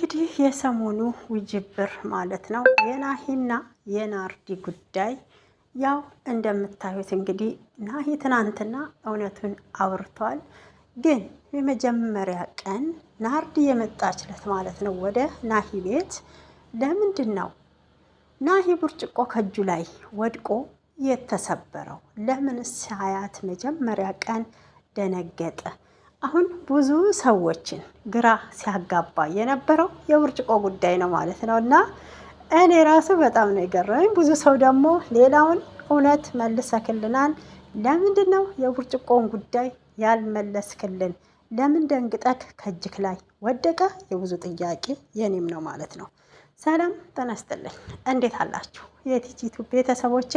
እንግዲህ የሰሞኑ ውጅብር ማለት ነው የናሂና የናርዲ ጉዳይ ያው እንደምታዩት እንግዲህ ናሂ ትናንትና እውነቱን አውርቷል። ግን የመጀመሪያ ቀን ናርዲ የመጣችለት ማለት ነው ወደ ናሂ ቤት ለምንድን ነው ናሂ ብርጭቆ ከእጁ ላይ ወድቆ የተሰበረው? ለምንስ ሳያት መጀመሪያ ቀን ደነገጠ? አሁን ብዙ ሰዎችን ግራ ሲያጋባ የነበረው የብርጭቆ ጉዳይ ነው ማለት ነው እና እኔ ራሱ በጣም ነው የገረመኝ። ብዙ ሰው ደግሞ ሌላውን እውነት መልሰክልናል። ለምንድን ነው የብርጭቆን ጉዳይ ያልመለስክልን? ለምን ደንግጠክ ከእጅክ ላይ ወደቀ? የብዙ ጥያቄ የኔም ነው ማለት ነው። ሰላም ጤና እንዴት አላችሁ የቲጂቱ ቤተሰቦቼ?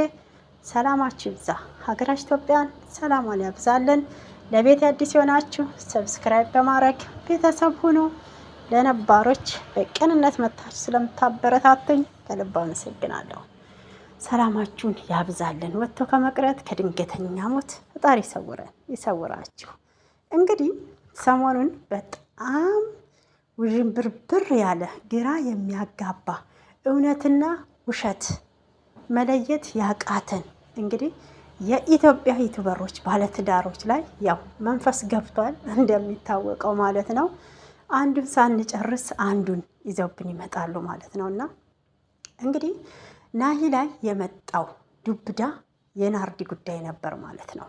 ሰላማችሁ ይብዛ። ሀገራች ኢትዮጵያን ሰላሟን ያብዛልን። ለቤት አዲስ የሆናችሁ ሰብስክራይብ በማድረግ ቤተሰብ ሁኑ። ለነባሮች በቅንነት መታችሁ ስለምታበረታተኝ ከልብ አመሰግናለሁ። ሰላማችሁን ያብዛልን። ወጥቶ ከመቅረት ከድንገተኛ ሞት ፈጣሪ ይሰውረን ይሰውራችሁ። እንግዲህ ሰሞኑን በጣም ውዥንብርብር ያለ ግራ የሚያጋባ እውነትና ውሸት መለየት ያቃተን እንግዲህ የኢትዮጵያ ዩቱበሮች ባለትዳሮች ላይ ያው መንፈስ ገብቷል እንደሚታወቀው ማለት ነው። አንዱን ሳንጨርስ አንዱን ይዘውብን ይመጣሉ ማለት ነው። እና እንግዲህ ናሂ ላይ የመጣው ዱብዳ የናርዲ ጉዳይ ነበር ማለት ነው።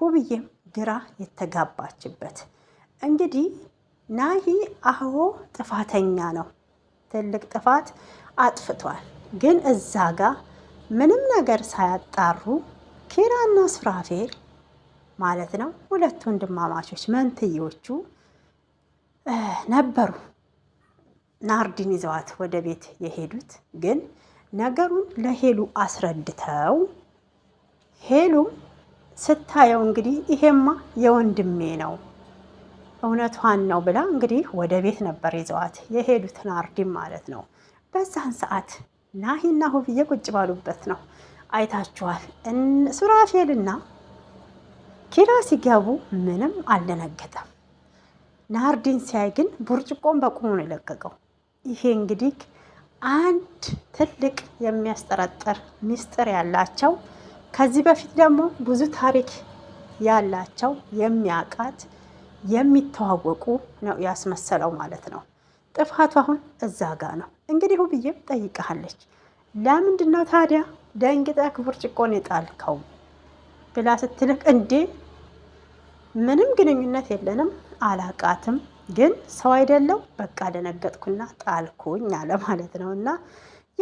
ሁብዬም ግራ የተጋባችበት እንግዲህ ናሂ አህዎ ጥፋተኛ ነው፣ ትልቅ ጥፋት አጥፍቷል። ግን እዛ ጋ ምንም ነገር ሳያጣሩ ኪራና ስራፌል ማለት ነው ሁለት ወንድማማቾች መንትዮቹ ነበሩ። ናርዲን ይዘዋት ወደ ቤት የሄዱት ግን ነገሩን ለሄሉ አስረድተው ሄሉም ስታየው እንግዲህ ይሄማ የወንድሜ ነው እውነቷን ነው ብላ እንግዲህ ወደ ቤት ነበር ይዘዋት የሄዱት ናርዲን ማለት ነው። በዛን ሰዓት ናሂና ሁብዬ ቁጭ ባሉበት ነው አይታችኋል። ሱራፌልና ኪራ ሲገቡ ምንም አልደነገጠም። ናርዲን ሲያይ ግን ብርጭቆን በቁሙ ነው የለቀቀው። ይሄ እንግዲህ አንድ ትልቅ የሚያስጠረጥር ምስጢር ያላቸው ከዚህ በፊት ደግሞ ብዙ ታሪክ ያላቸው የሚያውቃት የሚተዋወቁ ነው ያስመሰለው ማለት ነው። ጥፋቱ አሁን እዛ ጋ ነው። እንግዲህ ብዬም ጠይቀሃለች። ለምንድን ነው ታዲያ ደንግጠህ ብርጭቆን የጣልከው ብላ ስትልቅ እንዴ ምንም ግንኙነት የለንም አላቃትም፣ ግን ሰው አይደለው በቃ ደነገጥኩና ጣልኩኝ አለ ማለት ነው። እና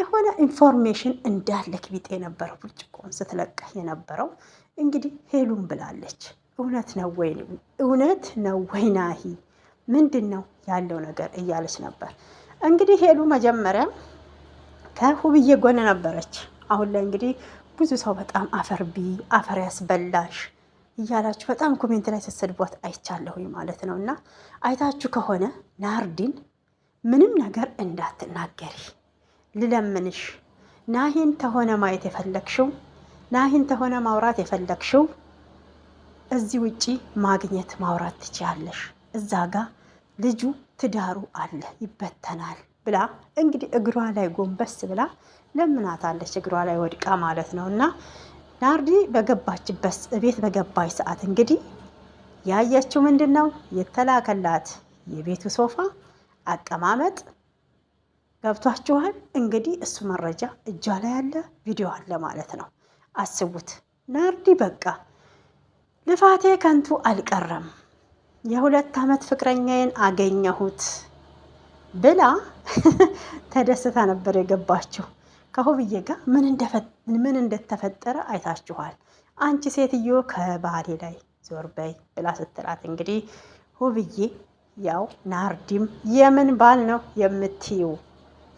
የሆነ ኢንፎርሜሽን እንዳለክ ቢጤ የነበረው ብርጭቆን ስትለቀህ የነበረው እንግዲህ ሄሉም ብላለች። እውነት ነው ወይ እውነት ነው ወይ ናሂ ምንድን ነው ያለው ነገር እያለች ነበር። እንግዲህ ሄሉ መጀመሪያ ከሁብዬ ጎን ነበረች። አሁን ላይ እንግዲህ ብዙ ሰው በጣም አፈር ቢ አፈር ያስበላሽ እያላችሁ በጣም ኮሜንት ላይ ስትሰድቧት አይቻለሁኝ ማለት ነው። እና አይታችሁ ከሆነ ናርዲን ምንም ነገር እንዳትናገሪ ልለምንሽ፣ ናሂን ተሆነ ማየት የፈለግሽው ናሂን ተሆነ ማውራት የፈለግሽው እዚህ ውጪ ማግኘት ማውራት ትችያለሽ። እዛ ጋ ልጁ ትዳሩ አለ ይበተናል ብላ እንግዲህ እግሯ ላይ ጎንበስ ብላ ለምናታለች እግሯ ላይ ወድቃ ማለት ነው። እና ናርዲ በገባችበት ቤት በገባች ሰዓት እንግዲህ ያየችው ምንድን ነው የተላከላት የቤቱ ሶፋ አቀማመጥ ገብቷችኋል። እንግዲህ እሱ መረጃ እጇ ላይ ያለ ቪዲዮ አለ ማለት ነው። አስቡት ናርዲ በቃ ልፋቴ ከንቱ አልቀረም፣ የሁለት ዓመት ፍቅረኛዬን አገኘሁት ብላ ተደስታ ነበር የገባችው። ከሁብዬ ጋር ምን እንደተፈጠረ አይታችኋል። አንቺ ሴትዮ ከባህሌ ላይ ዞር በይ ብላ ስትላት እንግዲህ ሁብዬ ያው ናርዲም የምን ባል ነው የምትይው?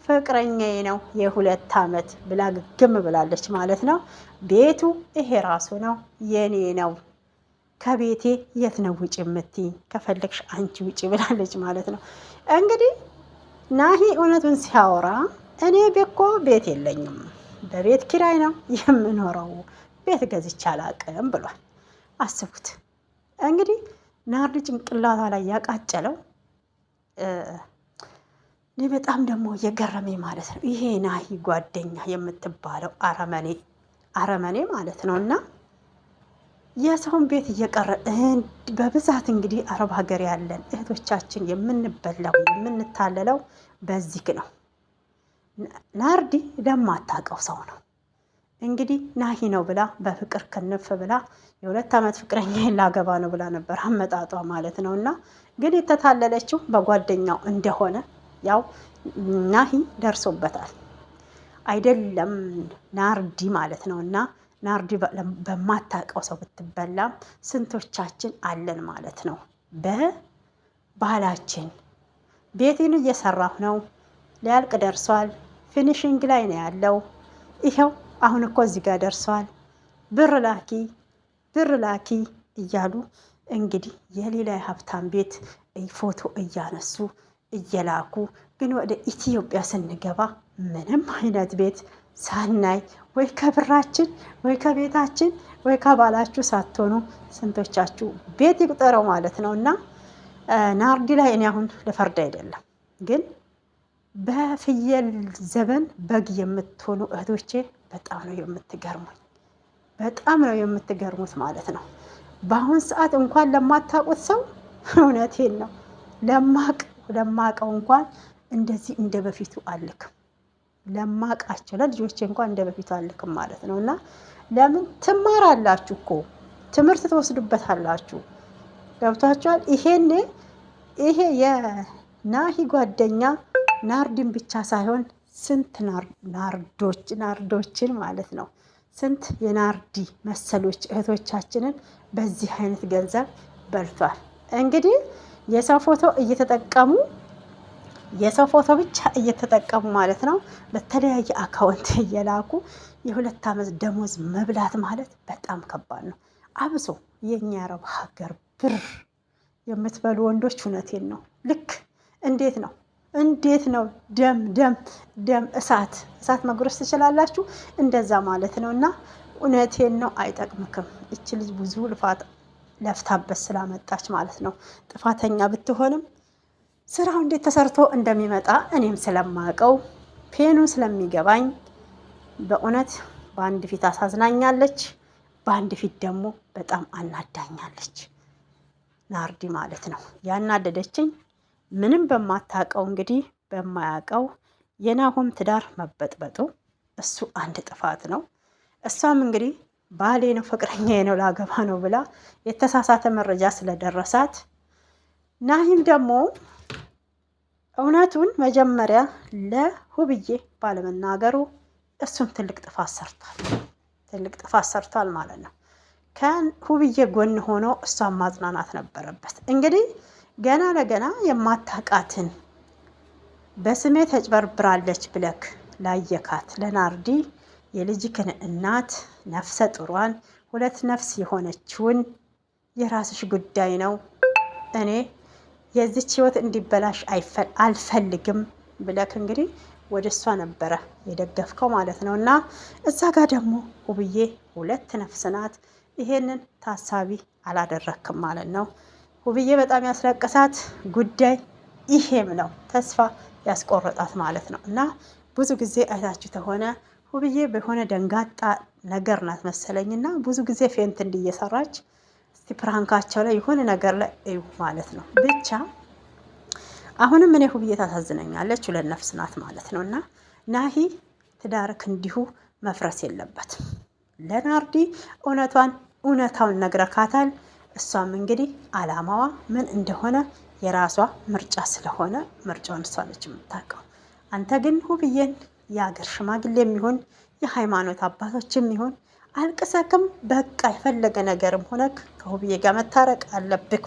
ፍቅረኛዬ ነው የሁለት ዓመት ብላ ግግም ብላለች ማለት ነው። ቤቱ ይሄ ራሱ ነው የኔ ነው ከቤቴ የት ነው ውጭ የምትይኝ? ከፈለግሽ አንቺ ውጭ ብላለች ማለት ነው። እንግዲህ ናሂ እውነቱን ሲያወራ እኔ ቤኮ ቤት የለኝም፣ በቤት ኪራይ ነው የምኖረው፣ ቤት ገዝቼ አላቅም ብሏል። አስቡት እንግዲህ ናርድ ጭንቅላቷ ላይ ያቃጨለው እኔ በጣም ደግሞ የገረመኝ ማለት ነው ይሄ ናሂ ጓደኛ የምትባለው አረመኔ አረመኔ ማለት ነው እና የሰውን ቤት እየቀረ በብዛት እንግዲህ አረብ ሀገር ያለን እህቶቻችን የምንበላው የምንታለለው በዚህ ነው። ናርዲ ለማታውቀው ሰው ነው እንግዲህ ናሂ ነው ብላ በፍቅር ክንፍ ብላ የሁለት ዓመት ፍቅረኛ ላገባ ነው ብላ ነበር አመጣጧ ማለት ነው። እና ግን የተታለለችው በጓደኛው እንደሆነ ያው ናሂ ደርሶበታል አይደለም ናርዲ ማለት ነው። እና ናርዲ በማታውቀው ሰው ብትበላም ስንቶቻችን አለን ማለት ነው። በባህላችን ቤቴን እየሰራሁ ነው ሊያልቅ ደርሷል ፊኒሽንግ ላይ ነው ያለው። ይኸው አሁን እኮ እዚህ ጋር ደርሰዋል። ብር ላኪ ብር ላኪ እያሉ እንግዲህ የሌላ ሀብታም ቤት ፎቶ እያነሱ እየላኩ ግን ወደ ኢትዮጵያ ስንገባ ምንም አይነት ቤት ሳናይ ወይ ከብራችን ወይ ከቤታችን ወይ ከባላችሁ ሳትሆኑ ስንቶቻችሁ ቤት ይቁጠረው ማለት ነው። እና ናርዲ ላይ እኔ አሁን ልፈርድ አይደለም ግን በፍየል ዘበን በግ የምትሆኑ እህቶቼ በጣም ነው የምትገርሙኝ፣ በጣም ነው የምትገርሙት ማለት ነው። በአሁን ሰዓት እንኳን ለማታውቁት ሰው እውነቴን ነው ለማቅ ለማቀው እንኳን እንደዚህ እንደ በፊቱ አልክም ለማቃቸው ለልጆቼ እንኳን እንደ በፊቱ አልክም ማለት ነው። እና ለምን ትማራላችሁ እኮ ትምህርት ትወስዱበታላችሁ። ገብቷችኋል። ይሄኔ ይሄ የናሂ ጓደኛ ናርድን ብቻ ሳይሆን ስንት ናርዶች ናርዶችን ማለት ነው ስንት የናርዲ መሰሎች እህቶቻችንን በዚህ አይነት ገንዘብ በልቷል። እንግዲህ የሰው ፎቶ እየተጠቀሙ የሰው ፎቶ ብቻ እየተጠቀሙ ማለት ነው በተለያየ አካውንት እየላኩ የሁለት ዓመት ደሞዝ መብላት ማለት በጣም ከባድ ነው። አብሶ የእኛ አረብ ሀገር ብር የምትበሉ ወንዶች እውነቴን ነው። ልክ እንዴት ነው እንዴት ነው ደም ደም ደም እሳት እሳት መጉረስ ትችላላችሁ? እንደዛ ማለት ነው። እና እውነቴን ነው አይጠቅምክም። እች ልጅ ብዙ ልፋት ለፍታበት ስላመጣች ማለት ነው። ጥፋተኛ ብትሆንም ስራው እንዴት ተሰርቶ እንደሚመጣ እኔም ስለማውቀው ፔኑ ስለሚገባኝ በእውነት በአንድ ፊት አሳዝናኛለች፣ በአንድ ፊት ደግሞ በጣም አናዳኛለች ናርዲ ማለት ነው ያናደደችኝ ምንም በማታውቀው እንግዲህ በማያውቀው የናሆም ትዳር መበጥበጡ እሱ አንድ ጥፋት ነው። እሷም እንግዲህ ባሌ ነው ፍቅረኛ ነው ላገባ ነው ብላ የተሳሳተ መረጃ ስለደረሳት ናሂም ደግሞ እውነቱን መጀመሪያ ለሁብዬ ባለመናገሩ እሱም ትልቅ ጥፋት ሰርቷል። ትልቅ ጥፋት ሰርቷል ማለት ነው። ከሁብዬ ጎን ሆኖ እሷን ማጽናናት ነበረበት እንግዲህ ገና ለገና የማታቃትን በስሜ ተጭበርብራለች ብለክ ላየካት ለናርዲ የልጅክን እናት ነፍሰ ጡሯን ሁለት ነፍስ የሆነችውን የራስሽ ጉዳይ ነው፣ እኔ የዚች ህይወት እንዲበላሽ አልፈልግም ብለክ እንግዲህ ወደ እሷ ነበረ የደገፍከው ማለት ነው። እና እዛ ጋር ደግሞ ውብዬ ሁለት ነፍስ ናት። ይሄንን ታሳቢ አላደረክም ማለት ነው። ውብዬ በጣም ያስለቀሳት ጉዳይ ይሄም ነው። ተስፋ ያስቆረጣት ማለት ነው። እና ብዙ ጊዜ አይታችሁ ተሆነ ውብዬ በሆነ ደንጋጣ ነገር ናት መሰለኝ እና ብዙ ጊዜ ፌንት እንዲየሰራች እስቲ ፕራንካቸው ላይ የሆነ ነገር ላይ እዩ ማለት ነው። ብቻ አሁንም እኔ ውብዬ ታሳዝነኛለች። ሁለት ነፍስ ናት ማለት ነው። እና ናሂ ትዳርክ እንዲሁ መፍረስ የለበትም። ለናርዲ እውነቷን እውነታውን ነግረካታል። እሷም እንግዲህ አላማዋ ምን እንደሆነ የራሷ ምርጫ ስለሆነ ምርጫውን እሷ ነች የምታውቀው። አንተ ግን ውብዬን የአገር ሽማግሌ የሚሆን የሃይማኖት አባቶች የሚሆን አልቅሰክም በቃ የፈለገ ነገርም ሆነክ ከውብዬ ጋር መታረቅ አለብህ።